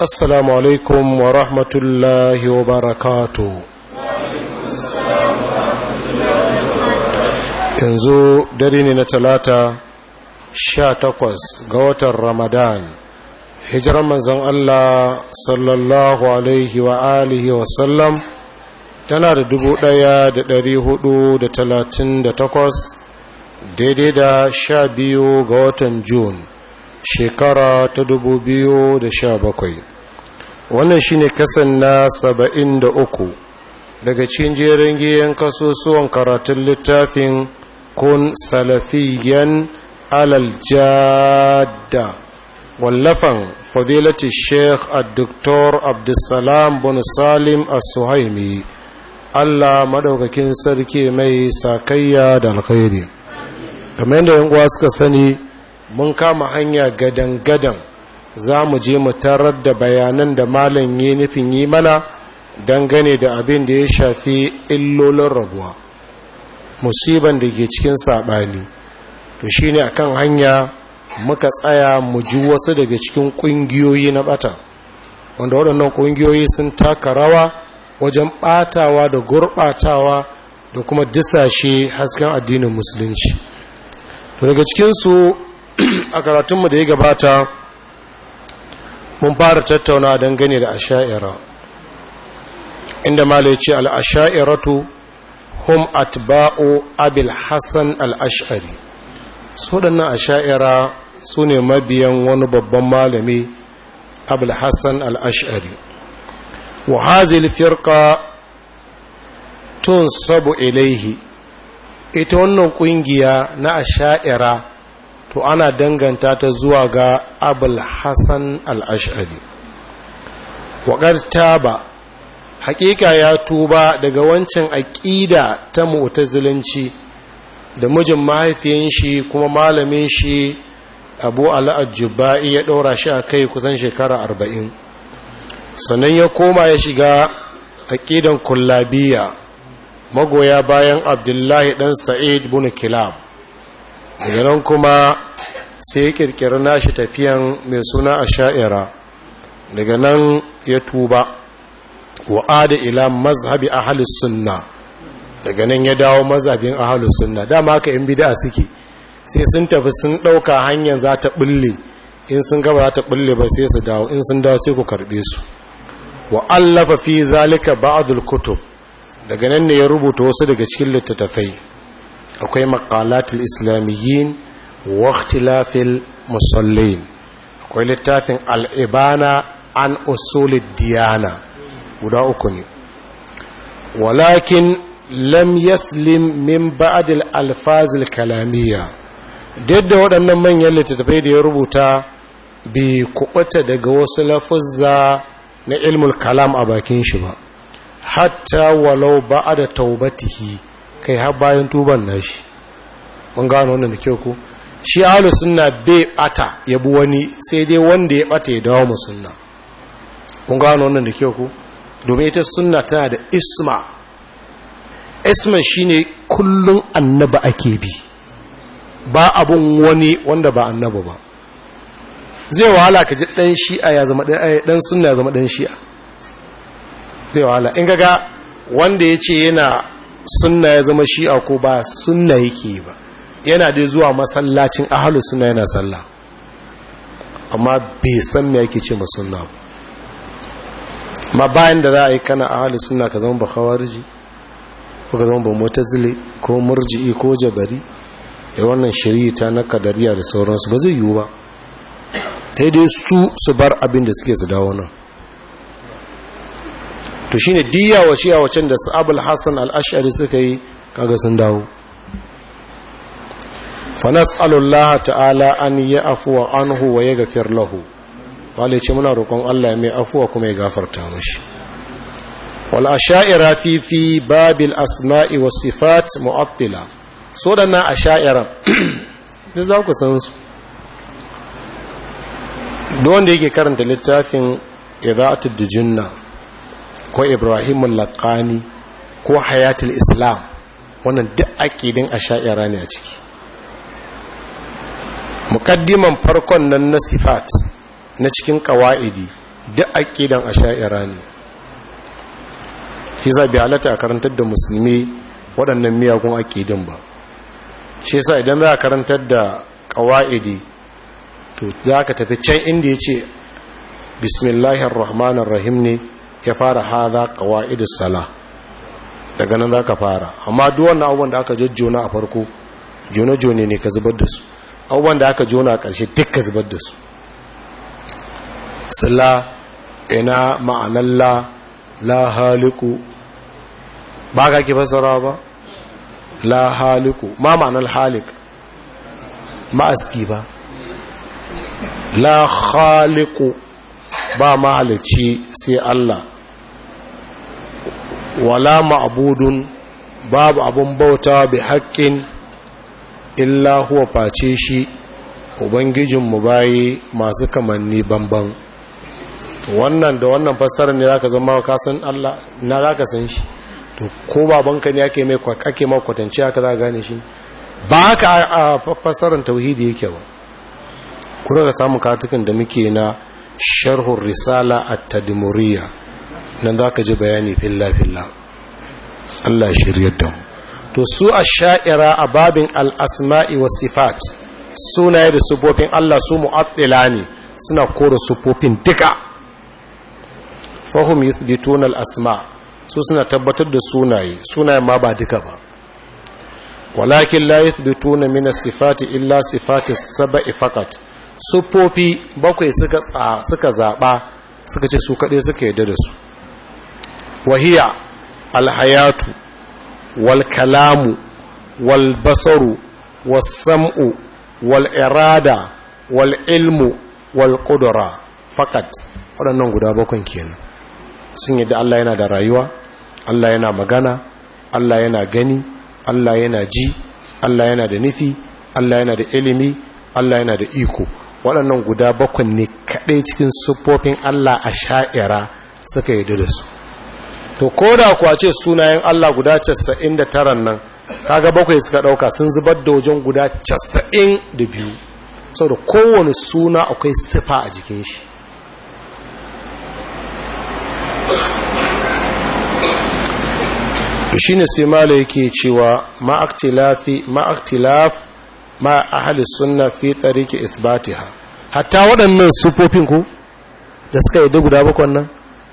assalamu alaikum wa rahmatullahi wa barakatu yanzu dare ne na talata sha takwas ga watan ramadan hijiran manzan Allah sallallahu alaihi wa alihi wa sallam tana da dubu ɗaya da dari hudu da talatin da takwas daidai da sha biyu ga watan Jun. shekara ta dubu biyu da sha bakwai. wannan shine kasan na saba'in da uku daga cikin jerin giyan kasusuwan karatun littafin kun salafiyan alal jadda wallafan fadilati sheikh al-doktor abdulsalam bin salim al-suhaimi allah maɗaukakin sarki mai sakayya da alkhairi kamar yadda yan uwa suka sani mun kama hanya gadan-gadan za mu je mu tarar da bayanan da malam yi nufin yi mana dangane da abin da ya shafi illolin rabuwa musiban da ke cikin saɓani to shi ne akan hanya muka tsaya mu ji wasu daga cikin ƙungiyoyi na ɓata wanda waɗannan ƙungiyoyi sun taka rawa wajen ɓatawa da gurɓatawa da kuma disashe hasken addinin musulunci daga cikinsu a karatunmu da ya gabata mun fara tattauna dangane da asha'ira inda malai ce al'asha'iratu hum atba'u abil hassan al'ash'ari su waɗannan asha'ira su ne mabiyan wani babban malami abil hassan al'ash'ari wa hazil firka tun sabu ilaihi ita wannan ƙungiya na asha'ira to ana danganta ta zuwa ga abul hassan al'ashari waƙar ta ba haƙiƙa ya tuba daga wancan aƙida ta mutazilanci da mijin mahaifiyan kuma malamin shi abu al'ajuba'i ya ɗora shi a kai kusan shekara arba'in sannan ya koma ya shiga aƙidan kullabiya magoya bayan abdullahi ɗan sa'id bin kilab daga nan kuma sai ya kirkiri nashi tafiyan mai suna a sha'ira daga nan ya tuba wa'ada ila mazhabi ahalus sunna daga nan ya dawo mazhabin ahalus sunna dama ka in bid'a suke sai sun tafi sun dauka hanyar za ta bulle in sun gaba za ta bulle ba sai su dawo in sun dawo sai ku karbe su wa allafa fi zalika ba'dul kutub daga nan ne ya rubuta wasu daga cikin littattafai akwai maƙalatin islamiyyin wa ikhtilafil musallin akwai littafin al'ibana an usulid diyana guda uku ne walakin lam yaslim min ba'adil alfazil kalamiyya duk da waɗannan manyan littattafai da ya rubuta bi kuɓata daga wasu lafuzza na ilmul kalam a bakin shi ba hatta walau ba'a da taubatihi kai har bayan tuban shi. mun gano wannan da kyau ku? shi ahlus sunna bai bata yabi wani sai dai wanda ya bata ya dawo mu sunna kun gano wannan da kyau ku? domin ita sunna tana da isma isma shine kullun annaba ake bi ba abun wani wanda ba annaba ba zai wahala ka ji dan shi'a ya zama dan eh, sunna ya zama dan shi'a zai wahala in kaga wanda yace yana sunna ya zama shi'a ko ba sunna yake ba yana dai zuwa masallacin ahalu sunna yana sallah amma bai san me yake ce ma sunna ba ma bayan da za a yi kana ahalu sunna ka zama ba khawariji ko ka zama ba mutazili ko murji'i ko jabari da eh wannan shirita na kadariya da sauransu ba zai yiwu ba sai dai su su bar abin da suke su dawo nan to shi diya wace a wacin da sa'abul hassan al-ash'ari suka yi kaga sun dawo fanas alullaha ta'ala an yi ya'fuwa anhu wa gafiyar lahu wale ce muna roƙon Allah mai afuwa kuma ya gafarta mashi wal a fi fi babil asma'i wa sifat mu'abdila so da na ash'ira duk za ku san su don wanda yake karanta littafin da jinna ko ibrahim al-laqani ko hayatul islam wannan duk aqidin asha'ira ne a ciki muqaddiman farkon nan na sifat na cikin qawaidi duk aqidan asha'ira ne shi za bi a karantar da musulmi waɗannan miyagun aqidin ba shi yasa idan za a karantar da qawaidi to za ka tafi can inda yace bismillahir rahmanir rahim ne ya fara haza qawaid sala daga nan za ka fara amma duwannan abubuwan da aka jojjona a farko jona jone ne ka zubar da su abubuwan da aka jona a ƙarshe duk ka zubar da su sala ina ma'anar la haliku ba ka ki fasara ba la haliku ma ma'anar halik ma'aski ba la haliku ba mahalici sai Allah wala ma'budun babu abun bauta bi haƙƙin illa huwa face shi ubangijinmu bayi masu kamanni banban wannan da wannan fassarar ne zaka zama ka san Allah na zaka san shi to ko babanka ne ake mai ake ma kwatance haka zaka gane shi ba haka a fassarar tauhidi yake ba kuma ga samun katukan da muke na sharhur risala at-tadmuriyya nan za ka ji bayani filla-filla Allah shiryar da to su a sha'ira a babin al'asma'i wa sifat sunaye da sufofin Allah su mu'attila ne suna kora sufofin duka fahim yuthbitun al'asma su suna tabbatar da sunaye sunaye ma ba duka ba walakin la yuthbituna min mina sifati illa sifati as-sab'i faqat sufofi bakwai suka zaɓa zaba suka ce su kaɗe suka yadda da su wahiya alhayatu wal kalamu wal basaru was sam'u wal irada wal ilmu wal fakat waɗannan guda bakon kenan sun yadda Allah yana da rayuwa Allah yana magana Allah yana gani Allah yana ji Allah yana da nufi Allah yana da ilimi Allah yana da iko waɗannan guda bakwai ne kaɗai cikin siffofin Allah a sha'ira suka yi da su to ko da kuwa ce sunayen Allah guda casa'in da 99 nan kaga bakwai suka dauka sun zubar da wajen guda 92 saboda kowane suna akwai sifa a jikin shi shi ne sai mala yake cewa ma'aktilafi ma'aktilaf ma ahli sunna fi ke isbatiha hatta waɗannan sufofin ku da suka yi da guda bakon nan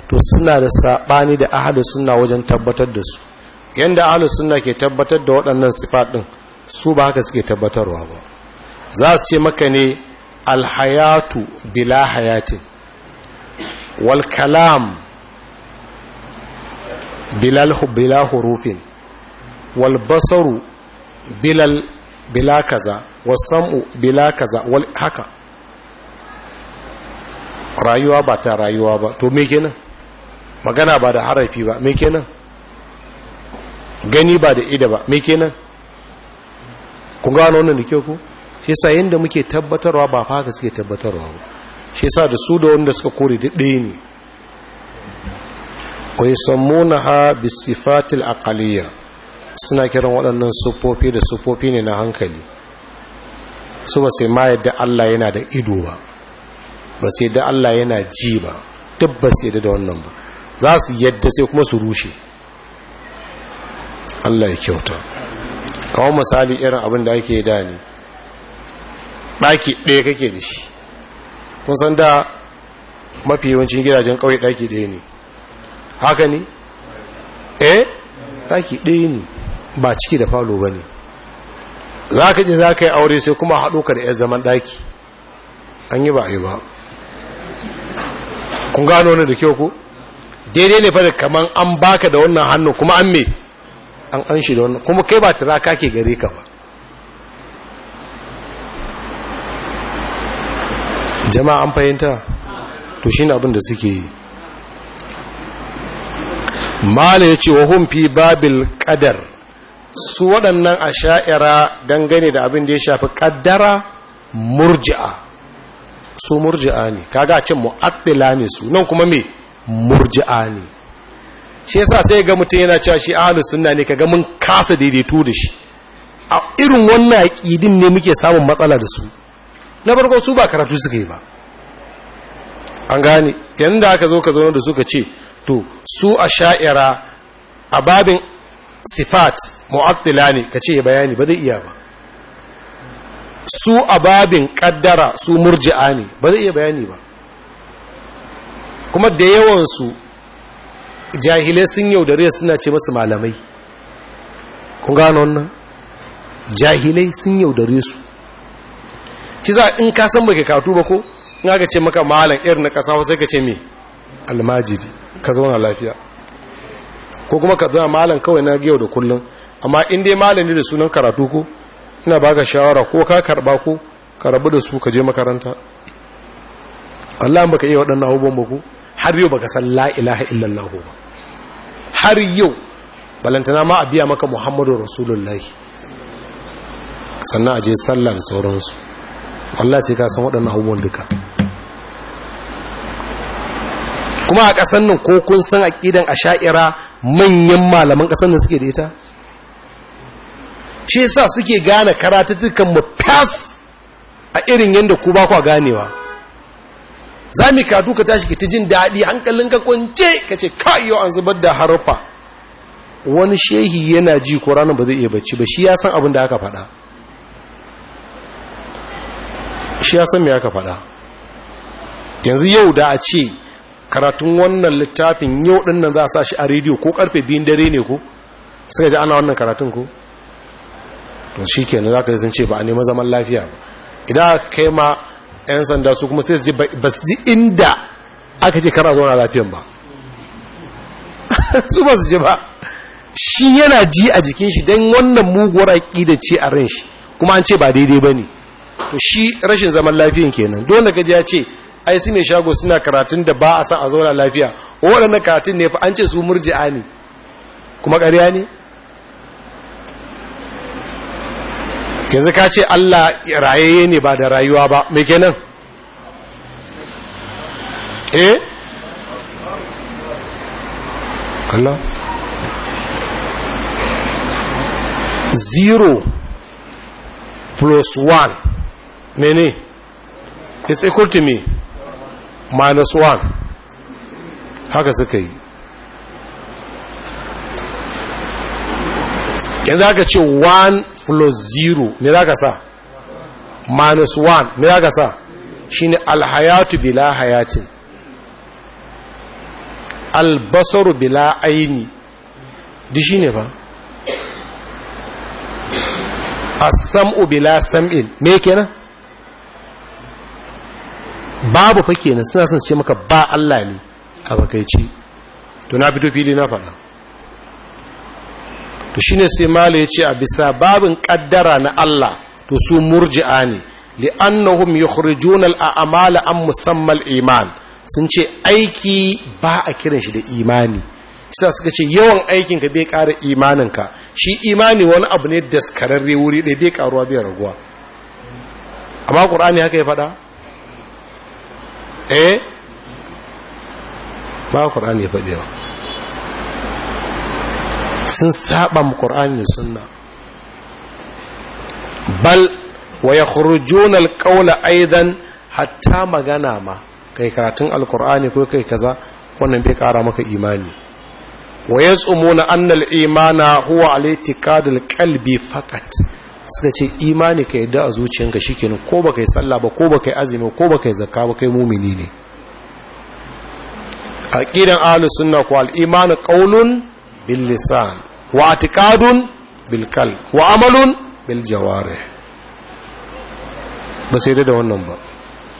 to suna da saɓani da ahalu suna wajen tabbatar da su yadda ahalu suna ke tabbatar da waɗannan sifaɗin su ba haka suke tabbatarwa ba za su ce maka ne alhayatu bila hayatin wal kalam bila hurufin wal basaru bilal bila kaza samu bila kaza wal haka rayuwa ba ta rayuwa ba to me kenan magana ba da harafi ba me kenan gani ba da ida ba me kenan kun gano wannan da ku shi yasa yanda muke tabbatarwa ba fa haka suke tabbatarwa ba shi yasa da su da wanda suka kore da ɗaya ne wai sammunaha bisifatil aqaliyya suna kiran waɗannan sufofi da sufofi ne na hankali su ba sai ma yadda Allah yana da ido ba ba sai da Allah yana ji ba duk ba sai da wannan ba za su yadda sai kuma su rushe Allah ya kyauta kawo misali irin abin da ake da ne ɗaki ɗaya kake da shi kun san da mafi yawancin gidajen ƙauye ɗaki ɗaya ne haka ne eh ɗaki ɗaya ne ba ciki da falo ba ne za ka ji za ka yi aure sai kuma haɗo ka da 'yan zaman ɗaki an yi ba a yi ba kun gano ne da kyau ko daidai ne fa kamar kaman an baka da wannan hannu kuma an me an an shi da wannan kuma kai ba ka ke gare ka ba jama'a an fahimta to shine abin da suke yi mala yace wa hum fi babil qadar su waɗannan asha'ira dangane da abin da ya shafi kaddara murji'a su murji'a ne kaga a ce mu'attila ne su nan kuma me murji'a ne shi yasa sai ga mutum yana cewa shi ahlus sunna ne kaga mun kasa daidaito da shi a irin wannan aqidin ne muke samun matsala da su na farko su ba karatu suka yi ba an gane yanda aka zo ka zo da suka ce to su a sha'ira a babin sifat mu'attila ne ka ce bayani ba zai iya ba su a babin kaddara su murji'a ne ba zai iya bayani ba kuma da yawansu jahilai sun yaudare suna ce masu malamai kun gano wannan jahilai sun yaudare su shi za in ka san baka katu ba ko in aka ce maka malam irin na kasa sai ka ce me almajiri ka na lafiya ko kuma ka zauna malam kawai na yau da kullum amma in dai malam ne da sunan karatu ko ina baka shawara ko ka karba ko ka rabu da su ka je makaranta Allah baka iya waɗannan abubuwan ba ko har yau baka san la ilaha illallah ba har yau balantana ma a biya maka muhammadu rasulullahi sannan a je sallah da sauransu wallah sai ka san waɗannan abubuwan duka kuma a ƙasar nan ko kun san aƙidan a sha'ira manyan malaman ƙasan nan suke da ita shi yasa suke gane karatuttukan mu fas a irin yadda ku ba ku ganewa za mu kadu ka tashi ta jin daɗi hankalin ka kwance ka ce kayo an zubar da harufa wani shehi yana ji ko ranar ba zai iya bacci ba shi ya san abin da aka faɗa shi ya san me aka faɗa yanzu yau da a ce karatun wannan littafin yau ɗin nan za a sa shi a rediyo ko karfe biyun dare ne ko suka ji ana wannan karatun ko to shi kenan za ka yi sun ce ba a neman zaman lafiya ba idan aka kai ma 'yan sanda su kuma sai su ji ba ji inda aka ce kara zauna lafiyan ba su ba su ji ba shi yana ji a jikin shi don wannan muguwar da ce a ran shi kuma an ce ba daidai ba ne to shi rashin zaman lafiyan kenan dole gaji ya ce ai su ne shago suna karatun da ba a san a zauna lafiya waɗannan karatun ne fa an ce su murji'a ne kuma ƙarya ne yanzu ka ce Allah rayayye ne ba da rayuwa ba mai kenan eh Allah zero plus one mene is equal to me minus one haka suka yi yanzu haka ce one plus 0 me za ka sa minus 1 me za ka sa shi ne alhayatu bila hayatin albasaru bila aini di shi ne ba asam'u bila sam'in me kenan babu fa kenan suna son ce maka ba Allah ne a bakaici to na fito fili na faɗa to ne sai mala ce a bisa babin kaddara na Allah to su murji'a ne li'annahum annahum yukhrijunal amala an musammal iman sun ce aiki ba a kiran shi da imani sai suka ce yawan aikin ka bai ƙara imanin ka shi imani wani abu ne daskararre wuri da bai ƙaruwa bai raguwa amma qur'ani haka ya faɗa eh ba qur'ani ya faɗi ba sun saba mu qur'ani da sunna bal wa yakhrujuna alqawla aidan hatta magana ma kai karatun alqur'ani ko kai kaza wannan bai kara maka imani wa yazumuna anna al-imana huwa al-i'tiqad al-qalbi faqat suka ce imani ka yadda a zuciyarka shikenan ko baka yi sallah ba ko baka yi azumi ko baka yi zakka ba kai mumini ne aqidan ahlus sunna ko al-imanu bil lisan wa atikadun bil qalb wa amalun bil ba sai da wannan ba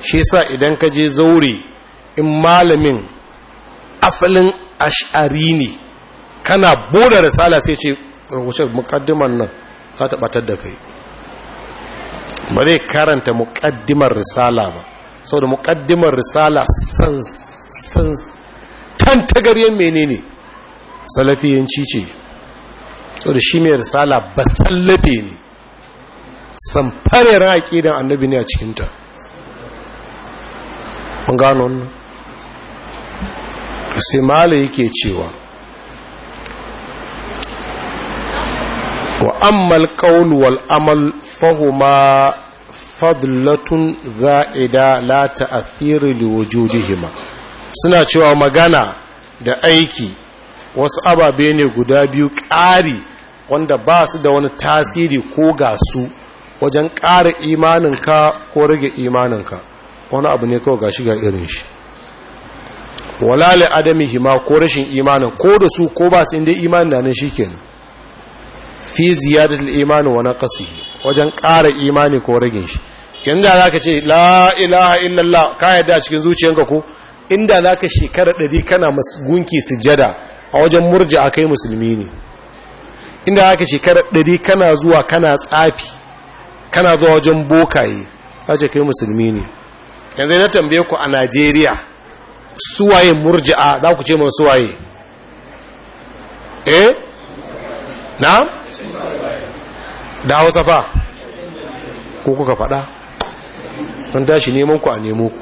shi yasa idan ka je zauri in malamin asalin ash'ari ne kana bude risala sai ce rubuce muqaddiman nan za ta batar da kai ba zai karanta muƙaddimar risala ba sau da muƙaddimar risala sans tantagaryen menene salafiyanci ce da shi mai risala ba sallafe ne fare raƙi da annabi ne a cikinta an gano wannan sai mala yake cewa wa ammal qawl wal amal fahuma fadlatun za'ida la ta'thiru hima suna cewa magana da aiki wasu ababe ne guda biyu ƙari wanda ba su da wani tasiri ko ga su wajen ƙara imaninka ko rage imaninka wani abu ne kawai ga ga irin shi walali adamihi ma ko rashin imanin ko da su ko ba su inda imanin da nan shi kenan fi ziyadatul imanin wa naqsihi wajen ƙara imani ko rage shi yanda ka ce la illallah ka yadda cikin zuciyanka ko inda ka shekara ɗari kana gunki sujada a wajen murji a kai musulmi ne inda aka shekara ɗari kana zuwa kana tsafi kana zuwa wajen bokaye za ce kai musulmi ne yanzu na tambaye ku a najeriya suwaye a za ku ce man suwaye eh na da safa ko kuka faɗa sun tashi neman ku a nemo ku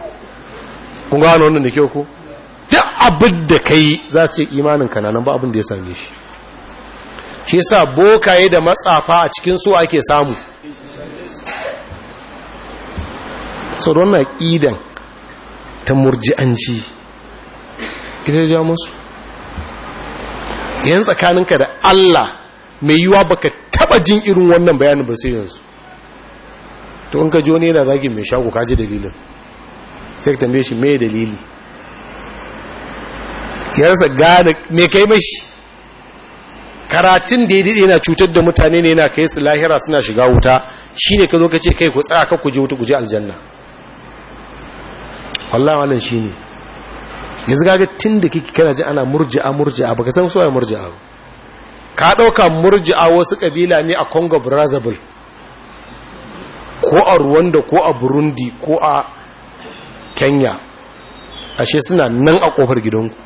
kun gano wannan da kyau ku duk abin da ka yi za su yi imanin kananan ba abin da ya same shi shi sa bokaye da matsafa a cikin su ake samu tsoron na ƙidan ta murji'anci ita ja musu yan tsakaninka da Allah mai yiwa baka taba jin irin wannan bayanin ba sai yanzu to in ka ji wani yana zagin mai shago kaji dalilin sai ka tambaye shi mai dalili ya gane me kai mashi karatun da ya daɗe na cutar da mutane ne na kai su lahira suna shiga wuta shi ne ka zo ka ce kai ku tsaya ka kuje wuta kuje aljanna wallah wannan shi ne yanzu gaga tun da kiki kana ji ana murji'a murji'a baka san soya murji'a ka ɗauka murji'a wasu ƙabila ne a congo brazzaville ko a rwanda ko a burundi ko a kenya ashe suna nan a ƙofar gidanku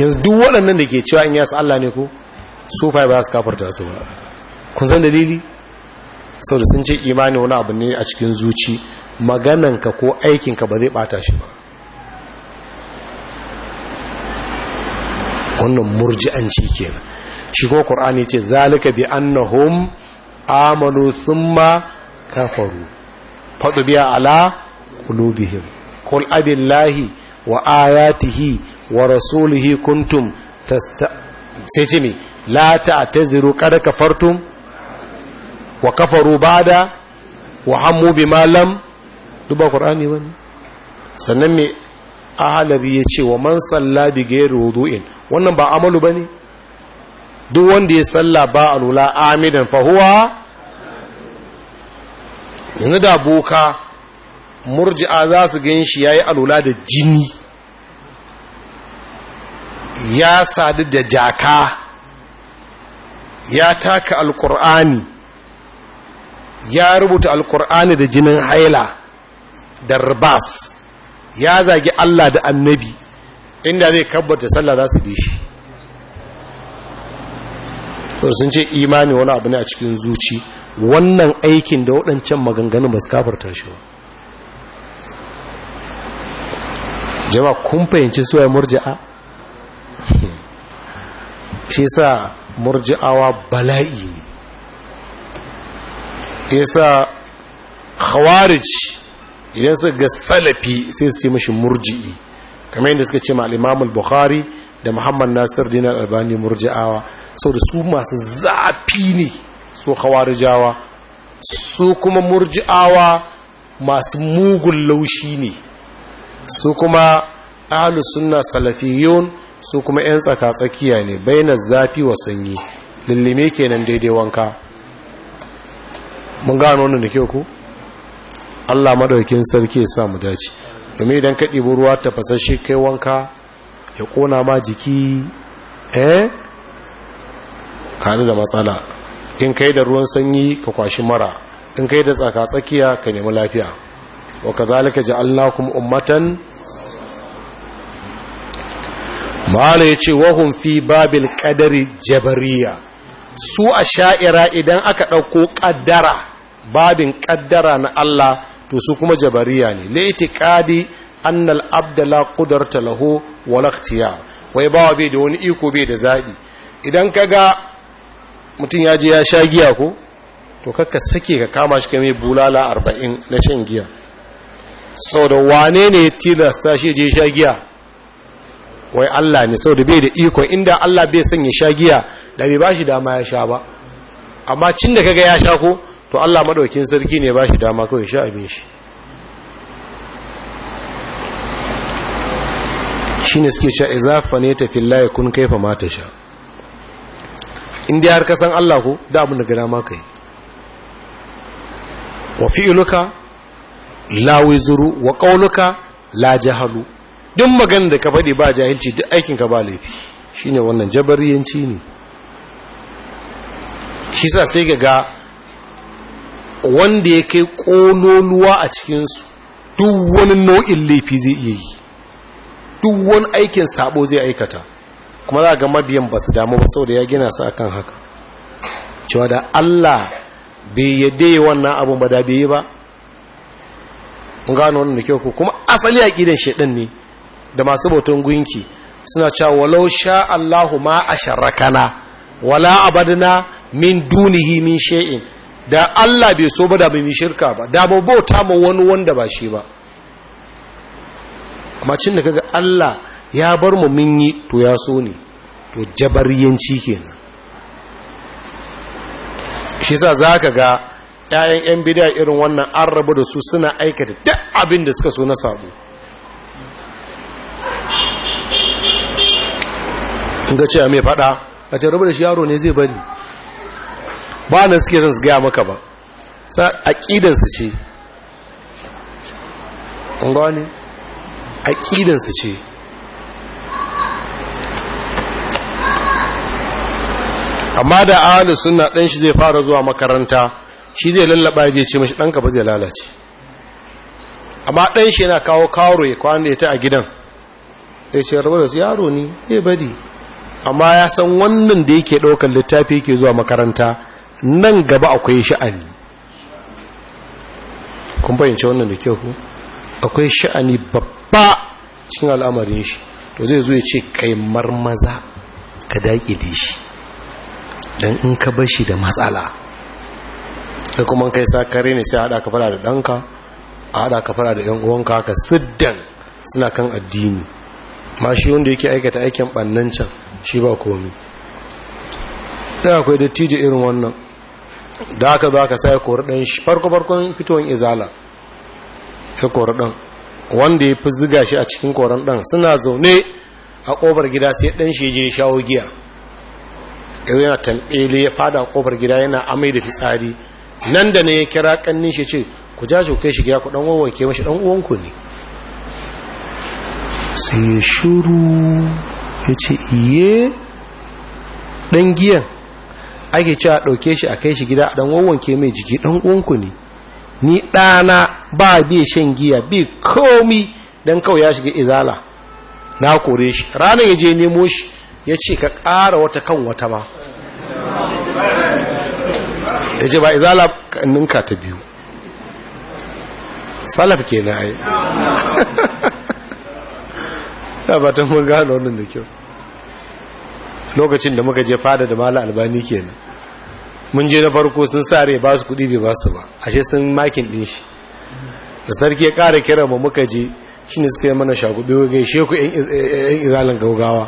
yanzu duk waɗannan da ke cewa in yasu Allah ne ko sufaye ba su kafarta su ba kun san dalili sau da sun ce imani wani abu ne a cikin zuci magananka ko aikinka ba zai bata shi ba wannan murji'anci kenan shi ko qur'ani ce zalika bi annahum amanu thumma kafaru fadu biya ala qulubihim Kul abillahi wa ayatihi wa rasulihi kuntum sai la ta'taziru qad kafartum wa kafaru ba'da wa hammu bima lam duba qur'ani wani sannan me ahalabi ya wa man salla bi ghairi wudu'in wannan ba amalu bane duk wanda ya salla ba alula amidan fa huwa yanzu da boka murji'a za su gan shi yayi alula da jini ya sadu da jaka ya taka alkur'ani ya rubuta alkur'ani da jinin haila da ribas ya zagi Allah da annabi inda zai kabbata sallah za su bi shi to sun ce imani wani abu ne a cikin zuci wannan aikin da waɗancan maganganun ba su kafarta shi ba jama kun fahimci suwaye murja'a shi sa murji'awa bala'i ne ya sa khawarij idan su ga salafi sai su ce mashi murji'i kamar yadda suka ce ma buhari bukhari da muhammad nasir dinar albani murji'awa sau da su masu zafi ne su khawarijawa su kuma murji'awa masu mugun laushi ne su kuma alusunna sunna salafiyun su kuma 'yan tsaka-tsakiya ne bayanar zafi wa sanyi ke kenan daidai wanka mun gano wani da ke ku allah maɗaukin sarki sa mu dace domin idan ka ɗibi ruwa ta fasashe kai wanka ya ƙona ma jiki eh kanu da matsala in kai da ruwan sanyi ka kwashi mara in kai da tsaka-tsakiya ka nemi lafiya wa allah kuma ummatan ma'ala ya ce wahun fi babil kadari jabariya su a sha'ira idan aka ɗauko ƙaddara babin ƙaddara na Allah to su kuma jabariya ne laiti ƙadi annal abdala ƙudarta laho walaktiya wai bawa bai da wani iko bai da zaɓi idan ka ga mutum ya je ya sha giya ko to kakka sake ka kama shi kame bulala arba'in na shan giya sau da wane ne tilasta shi je sha giya wai Allah ne sau da bai da iko inda Allah bai son ya sha giya da bai bashi dama ya sha ba amma cin da kaga ya sha ko to Allah madaukin sarki ne bashi dama kawai sha abin shi shine suke cewa izafa ne ta fillahi kun kaifa ma ta sha inda har ka san Allah ko da abin da gana ma kai wa fi'luka la wizuru wa qawluka la jahalu duk magana da ka faɗi ba jahilci duk aikin ka ba laifi Shi ne wannan jabariyanci ne shi sa sai ga ga wanda ya kai ƙololuwa a cikinsu duk wani nau'in laifi zai iya yi duk wani aikin sabo zai aikata kuma za ga mabiyan ba su damu ba saboda ya gina su akan haka cewa da Allah bai yadda wannan abun ba da bai yi ba mun gano wannan da kyau kuma asali a gidan shedan ne da masu bautan gunki suna cewa walau sha Allahu ma a sharrakana wala abadna min dunihi min shay'in da Allah bai so ba da bai shirka ba da ba bauta ma wani wanda ba shi ba amma cin da kaga Allah ya bar mu mun yi to ya so ne to jabariyanci kenan shi sa zaka ga 'ya'yan 'yan bida irin wannan an rabu da su suna aikata duk abin da suka so na sabo ga cewa mai faɗa a ce da shi yaro ne zai bari ba na suke son su gaya maka ba sa aƙidansu ce a aƙidansu ce amma da ahalu suna ɗan shi zai fara zuwa makaranta shi zai lallaba ya je ce mashi ɗanka ba zai lalace amma ɗan shi yana kawo kawo ya kwanu da ya ta a gidan ya ce rabu da su yaro ne zai bari amma ya san wannan da yake ɗaukar littafi yake zuwa makaranta nan gaba akwai sha'ani kun fahimci wannan da kyau akwai sha'ani babba cikin al'amarin shi to zai zo ya ce kai marmaza ka daƙi da shi don in ka bar shi da matsala sai kuma kai sa kare ne sai haɗa ka fara da ɗanka a haɗa ka fara da ‘yan uwanka haka siddan suna kan addini ma shi wanda yake aikata aikin ɓannan can shi ba komi sai akwai dattijo irin wannan da aka za ka sai kori ɗan shi farko-farkon fitowar izala ya kori ɗan wanda ya fi ziga shi a cikin koren ɗan suna zaune a ƙofar gida sai ɗan shi je shawo giya Yau yana tanɓele ya fada a ƙofar gida yana amai da fitsari nan da ne ya kira ƙannin shi ce ku ja shi kai shi gida ku ɗan wawanke mashi ɗan uwanku ne sai shuru ya ce iye ɗan giyan ake ci a ɗauke shi a kai shi gida a ɗan wawanke mai jiki ɗan ƙunku ne ni ɗana ba biya shan giya bi komi don kawai ya shiga izala na kore shi ranar ya je nemo shi ya ce ka ƙara wata kan wata ma ya ce ba izala ninka ta biyu salaf ke na yi ta fatan mun gano wannan da kyau lokacin da muka je fada da mala albani kenan mun je na farko sun sare ba su kudi bai ba su ba ashe sun makin din shi da sarki ya kara kira mu muka je shine suka yi mana shagube wa gai sheku yan izalin gaugawa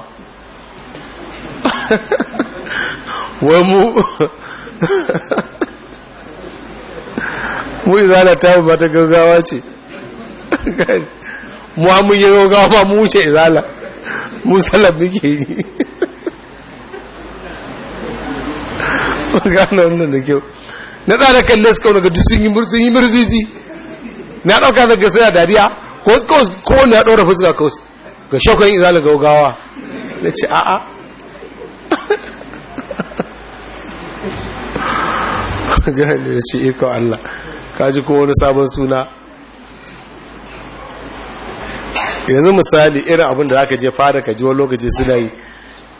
wai mu mu izala ta ba ta gaugawa ce mu ya yi rogawa ba mu wuce izala mu salaf muke yi gano wannan da kyau na tsada kalle suka wani gadu sun yi murzizi na ɗauka daga a dariya ko wanda ya ɗora fuska kawai ga shakon izala gawa na ce a'a gano da ce iko Allah kaji ko wani sabon suna yanzu misali irin abin da zaka je fara ka ji wani lokaci suna yi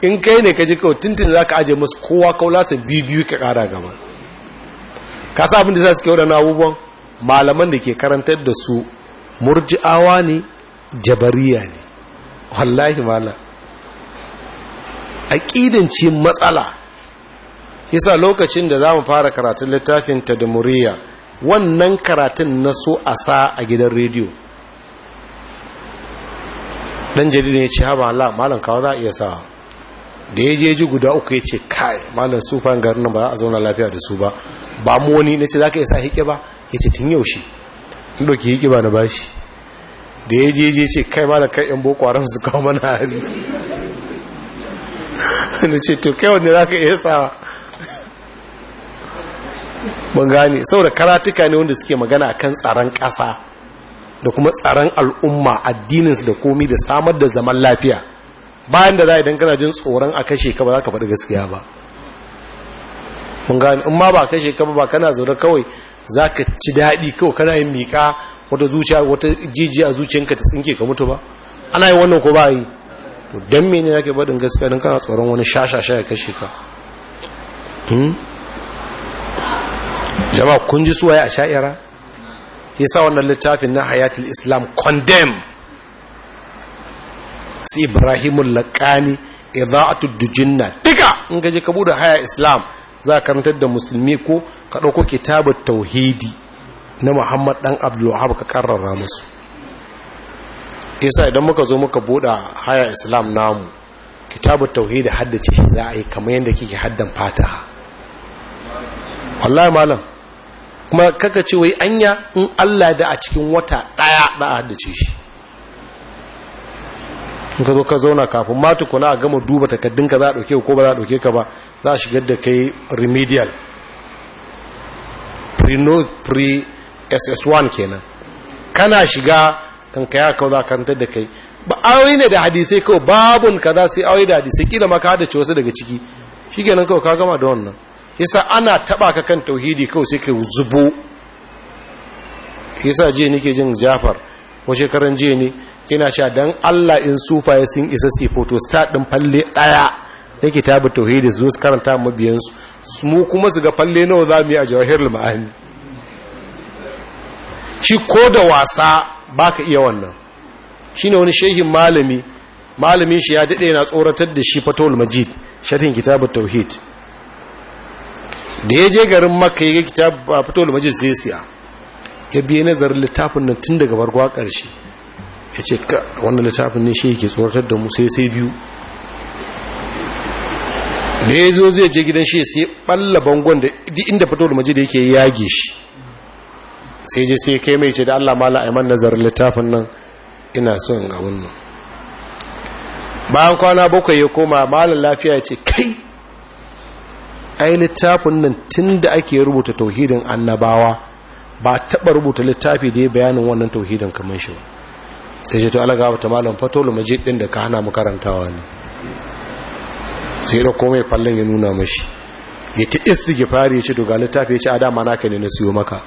in kai ne ka ji kawai tuntun za ka aje musu kowa lasa biyu ka kara gaba ka sa abin da za su kyau da na abubuwan malaman da ke karantar da su murji'awa ne jabariya ne wallahi mala aƙidance matsala yasa lokacin da za mu fara karatun littafin ta da muriya wannan karatun na so a sa a gidan rediyo dan jarida ya ce haba Allah malam kawo za a iya sa da ya je ji guda uku ya ce kai malam su garin ba za a zauna lafiya da su ba ba mu wani na ce za ka iya sa hike ba ya ce tun yaushe in doki hike ba na bashi da ya je ce kai malam kai yan boko haram su kawo mana hali na ce to kai wanda za ka iya sa ban gane saboda karatuka ne wanda suke magana akan tsaron kasa. da kuma tsaron al'umma addininsu da komi da samar da zaman lafiya bayan da za a kana jin tsoron a kashe ka ba za ka faɗi gaskiya ba mun gani in ma ba kashe ka ba kana zaune kawai za ka ci daɗi kawai kana yin miƙa wata zuciya wata jijiya zuciyanka ta tsinke ka mutu ba ana yi wannan ko ba yi to don mene ya ke baɗin gaskiya don kana tsoron wani shashasha ya kashe ka hmm? jama'a kun ji suwaye a sha'ira shi sa wannan littafin na hayatul islam condemn su ibrahimul laqani idha'atud dujinna duka in gaje ka bude haya islam za ka karantar da musulmi ko ka dauko kitabut tauhidi na muhammad dan abdul wahab ka karrara musu yasa idan muka zo muka bude haya islam namu kitabut tauhidi haddace shi za a yi kamar yadda kike haddan fataha wallahi malam kuma kaka ce wai anya in Allah da a cikin wata daya da a haddace shi in ka zo ka zauna kafin ma kuna a gama duba takaddunka za a ɗauke ko ba za a ɗauke ka ba za a shigar da kai remedial pre-ss1 kenan kana shiga kan kaya kawo za kantar da kai ba ayoyi ne da hadisai kawai babun kaza sai awai da hadisai kila ma ka hada ce wasu daga ciki shi kenan kawai ka gama da wannan yasa ana taba ka kan tauhidi kawai sai ka zubo yasa je nake jin Jafar ko shekaran je ne ina sha dan Allah in ya sun isa sai photo star din falle daya na kitabu tauhidi su karanta mabiyan su mu kuma su ga falle nawa za mu yi a jawahirul ma'ani shi ko da wasa baka iya wannan shine wani shehin malami malamin shi ya dade yana tsoratar da shi fatul majid sharhin kitabut tauhid da ya je garin maka ya ga kitab a fito da majid ya siya ya biya nazarin littafin nan tun daga barguwa ƙarshe ya ce wannan littafin ne shi yake tsoratar da mu sai sai biyu da ya zo zai je gidan shi sai balla bangon da inda fito da majid yake yage shi sai je sai kai mai ce da Allah mala aiman nazarin littafin nan ina son ga wannan bayan kwana bakwai ya koma malam lafiya ya ce kai ai littafin nan tun da ake rubuta tauhidin annabawa ba taɓa rubuta littafi da ya bayanin wannan tauhidin kamar shi sai ce to alagawa ta malam fatolu majid ɗin da ka hana mu karantawa ne sai da komai fallon ya nuna mashi ya ta isi fari ya ce to ga littafi ya ce a dama ka ne na siyo maka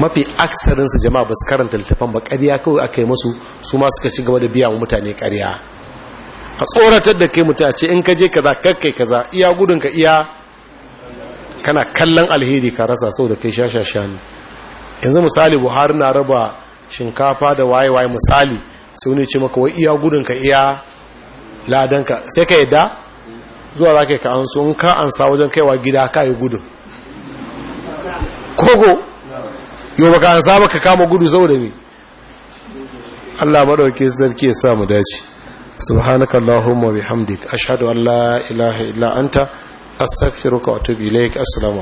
mafi aksarinsu jama'a ba su karanta littafan ba ƙarya kawai aka yi masu su ma suka ci gaba da biya mutane ƙarya ka tsoratar da kai mutum a ce in ka je kaza kakkai kaza iya gudun ka iya kana kallon alheri ka rasa sau da kai shashasha ne yanzu misali buhari na raba shinkafa da waye-waye misali sai wani ce maka wai iya gudun ka iya ladanka sai ka yadda zuwa za ka an su in ka an sa wajen kaiwa gida ka yi gudun kogo yau baka an sa baka kama gudu da me Allah madauke sarki ya sa mu dace subhanaka allahumma bihamdik ashhadu an la ilaha illa anta astaghfiruka wa